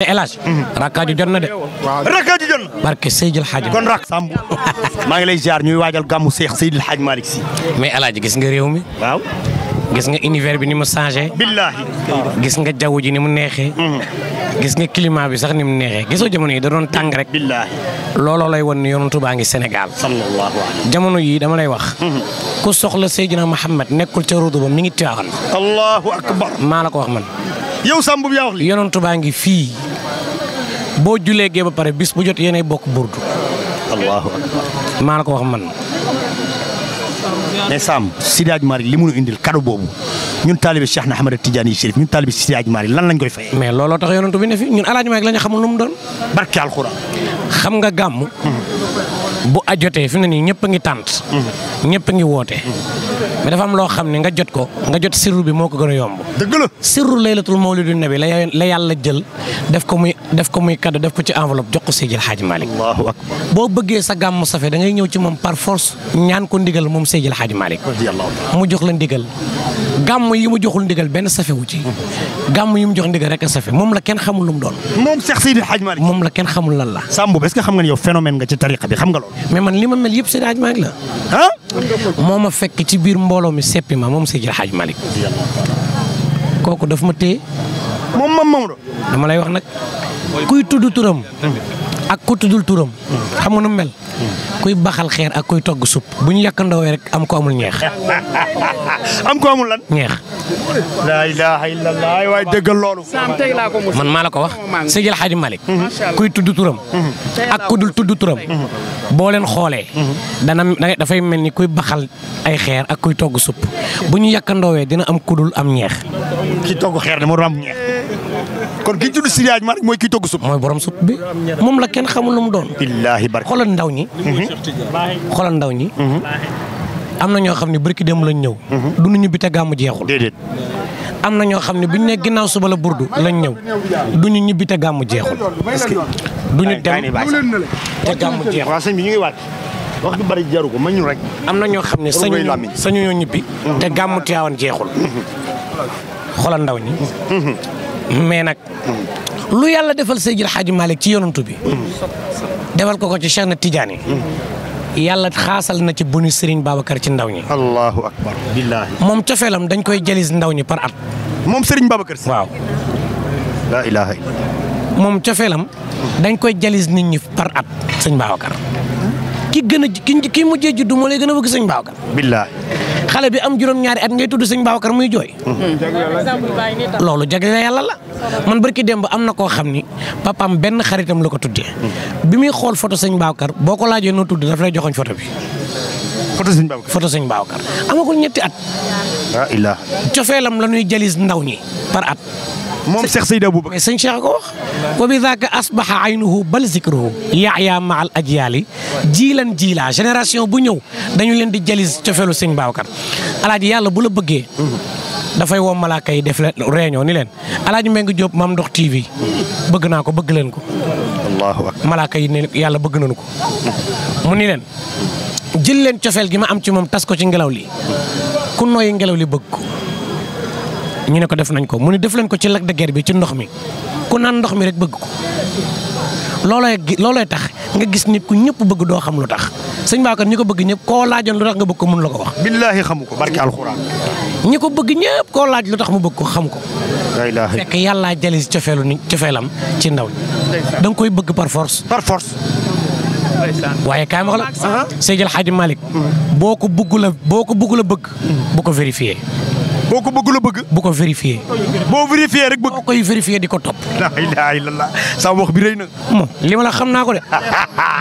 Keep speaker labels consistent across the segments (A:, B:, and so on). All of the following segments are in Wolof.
A: mais El Hadj. Mhm. rakkaaju jot na de. waaw rakkaaju jot na. barke maa ngi lay ziar ñuy waajal gàmmu Seex Seydil Hadj Malick si. mais El Hadj gis nga réew mi. waaw. gis nga univers bi ni mu changé. billahi gis nga jaww ji ni mu neexee. Mhm. gis nga climat bi sax ni mu neexee gisoo jamono yi da doon tàng rek. billahi looloo lay wan ni baa ngi Sénégal. sallallahu alayhi yii dama lay wax. Mhm. ku soxla Seydina Muhammad nekkul ca ruudu ba mi ngi Tiwaawan. maa la ko wax man. yow baa ngi fii. boo julee gee ba pare bis bu jot yéenay bokk burdu. allahu akbar. maa na ko wax man. mais Sam Sidi Hadj Malick li mu nu indil kado boobu ñun taalibi Cheikh na Ahmad Tidiane Chérif ñun taalibi Sidi Hadj lan lañ koy fayee. mais looloo tax yonent bi ne fi ñun El Hadj Malick lañu xamul lu mu doon. barke alxuraan. xam nga gàmm. Mm-hmm. bu ajotee fi mu ne ngi tànt mm-hmm. ñëpp a woote mm-hmm. mais dafa loo xam ne nga jot ko nga jot sirru bi moo ko gën a yomb dëgg la sirru la yàlla jël def ko ko muy cadeau def ko ci enveloppe jox ko Seydil Hadji Malick Allahu boo bëggee sa gàmmu safe da ngay ñëw ci moom par force ñaan ko ndigal moom Seydil Hadji Malick mu jox la ndigal gàmm yi mu joxul ndigal benn safe wu ci mm-hmm. gàmm a safe moom la kenn xamul lu mu doon moom Seydil la kenn xamul lan xam nga ne yow phénomène nga ci tariqa bi xam nga loolu mais man lii ma mel yëpp Seydi Hadj Malick la ah moo ma fekk ci biir mbooloo mi seppi ma moom Seydi Hadj Malick kooku daf ma téye moom Maodo dama lay wax nag kuy tudd turam ak ku tudd turam xam nga nu baxal xeer ak kuy togg supp bu ñu yàkkandoowee rek am ko amul ñeex am ko amul lan ñeex man maa la ko wax Seydi El Hadji Malick kuy tudd turam ak ku dul tudd turam boo leen xoolee. dana dafay mel ni kuy baxal ay xeer ak kuy togg supp bu ñu yàkkandoowee dina am kudul am ñeex. ki togg xeer ne moo am ñeex. mooy kiy togg supp. mooy supp bi moom la kenn xamul lu mu doon. billaahi barke xoolal ndaw ñi. xoolal ndaw ñi. am na ñoo xam ne barki dem lañ ñëw. Mhm. du nu ñu bite gàmmu jeexul. am na ñoo xam ne bu ñu ne ginnaaw suba la burdu lañ ñëw du ñu ñibbi te gàmmu jeexul. du ñu dem te bi ñu ngi waat wax rek. am na ñoo xam ne sañu sañu ñoo ñibbi. Mm-hmm. te gàmmu Tiwaawan jeexul. Mm-hmm. ndaw ñi. Mm-hmm. mais nag. lu yàlla defal Seydil Hadji Malick ci yonantu bi. defal ko ko ci Cheikh na Tidiane. yàlla xaasal na ci buni Serigne Babacar ci ndaw ñi. allahu akbar billaahi. moom cofeelam dañ koy jëlis ndaw ñi par at. moom Serigne Babacar si. waaw. la moom cofeelam. dañ koy jaliis nit ñi par at sañ sëñ Babacar ki gën a ki ki mujjee juddu moo lay gën a sañ sëñ Babacar xale bi am juróom-ñaari at ngay tudd sëñ Babacar muy jooy loolu jagle la yàlla la man barki démb am na koo xam ni papaam benn xaritam la ko tuddee bi muy xool photo sëñ Babacar boo ko laajee noo tudd daf lay joxoñ photo bi photo sëñ Babacar photo sëñ Babacar amagul ñetti at ah ilaa cofeelam la ñuy ndaw ñi par at moom Cheikh Seydou Aboubacar mais sëñ a ko wax wa bi daaka asbaha aynuhu bal zikruhu yahya ma al ajyaali jiilan jiila génération bu ñëw dañu leen di jalis cofeelu sëñ Babacar alaaj yàlla bu la bëggee dafay woo malaaka yi def réunion ni leen alaaji Mbengue Diop Mame Ndokh TV bëgg naa ko bëgg leen ko allahu malaaka yi ne yàlla bëgg nañu ko mu ni leen jël leen cofeel gi ma am ci moom tas ko ci ngelaw li ku nooyi ngelaw li bëgg ko ñu ne ko def nañ ko mu ne def leen ko ci lac de guerre bi ci ndox mi ku naan ndox mi rek bëgg ko loolooy loolooy tax nga gis nit ku ñëpp bëgg doo xam lu tax sëñ baa ñi ko bëgg ñëpp koo laajoon lu nga bëgg ko mun la ko wax. billaahi xamu ko barki alxuraan. ñi ko bëgg ñëpp koo laaj lu tax mu bëgg ko xam ko. fekk yàllaa jëli si cofeelu ni cofeelam ci ndaw da nga koy bëgg par force. par force. waaye kaay ma wax la. Ah. Seydil Hadji mm. boo ko bëgg la boo ko bëgg la bëgg. bu ko vérifié. boo ko bëgg bëgg. bu ko vérifié. boo vérifié rek bëgg. boo koy vérifié di ko topp. la ilaha illallah sa wax bi rëy na. moom li ma la xam naa ko de.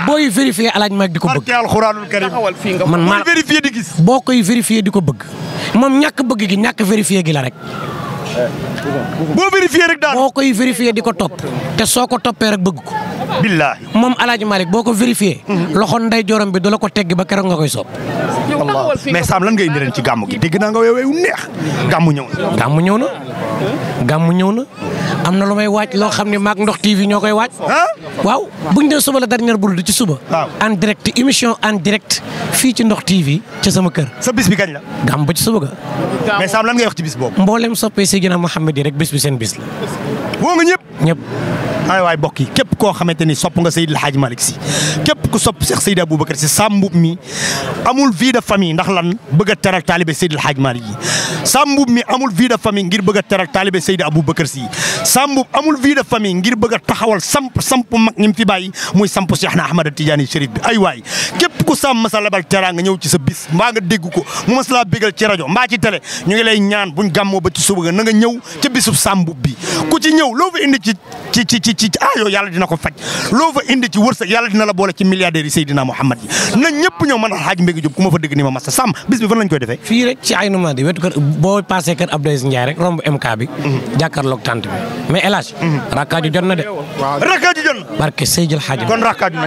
A: booy vérifié alaaj maag di ko bëgg. barke alxuraanul karim man maa boo koy vérifié di ko bëgg. moom ñàkk bëgg gi ñàkk vérifié gi la rek. boo vérifié rek daal boo koy vérifié di ko topp te soo ko toppee rek bëgg ko. billaahi moom Alaaji Malick boo ko vérifié. loxo ndey jorom bi du la ko tegg ba keroog nga koy soob. Allah mais Sam lan ngay indi ren ci gàmmu ki dégg naa nga wu neex gàmmu ñëw na. gàmmu ñëw na. am na lu may waaj loo xam ne maak ndox TV ñoo koy waaj. waaw bu ñu dee suba la dernière bul di ci suba. en direct émission en direct fii ci ndox TV ca sama kër. sa bis bi kañ la. gàmm ba ci suba ga. mais Sam lan nga wax ci bis boobu. mboolem soppee Seydina Mouhamed yi rek bis bi seen bis la. woo nga ñëpp. ñëpp. ay waay bokk yi képp koo xamante ni sopp nga Seydil Hadj malik si képp ku sopp Cheikh Seydi Aboubacar si saam Mboup mi amul vie de famille ndax lan bëgg a teral taalibe Seydil Hadj Malick yi Samboub mi amul vie de famille ngir bëgg a teral taalibe Seydi Aboubacar Sy Samboub amul vie de famille ngir bëgg a taxawal samp samp mag ñi mu fi bàyyi muy samp Cheikh na Ahmad Tidiane Chérif bi ay waay képp ku sàmm masa lebal teraa nga ñëw ci sa bis mbaa nga dégg ko mu mas laa bégal ci rajo mbaa ci télé ñu ngi lay ñaan buñ gàmmoo ba ci suba nga na nga ñëw ca bisub Samboub bi ku ci ñëw loo fi indi ci ci ci ci ci ah yooyu yàlla ci wërsëg dina la boole ci milliardaires Seydina Mouhamad yi na ñëpp ñëw man Alxaaji Mbégi Jóob ku ma fa dégg ni ma massa sàmm bis fan lañ koy defee fii rek ci ay wetu kër boo passé kër Abdoulaye Ndiaye rek romb MK bi mhm. jàkkaarloog tànt bi mais El Hadj mhm. na de rakkaaju jot na barke Seydil Hadj kon rakkaaju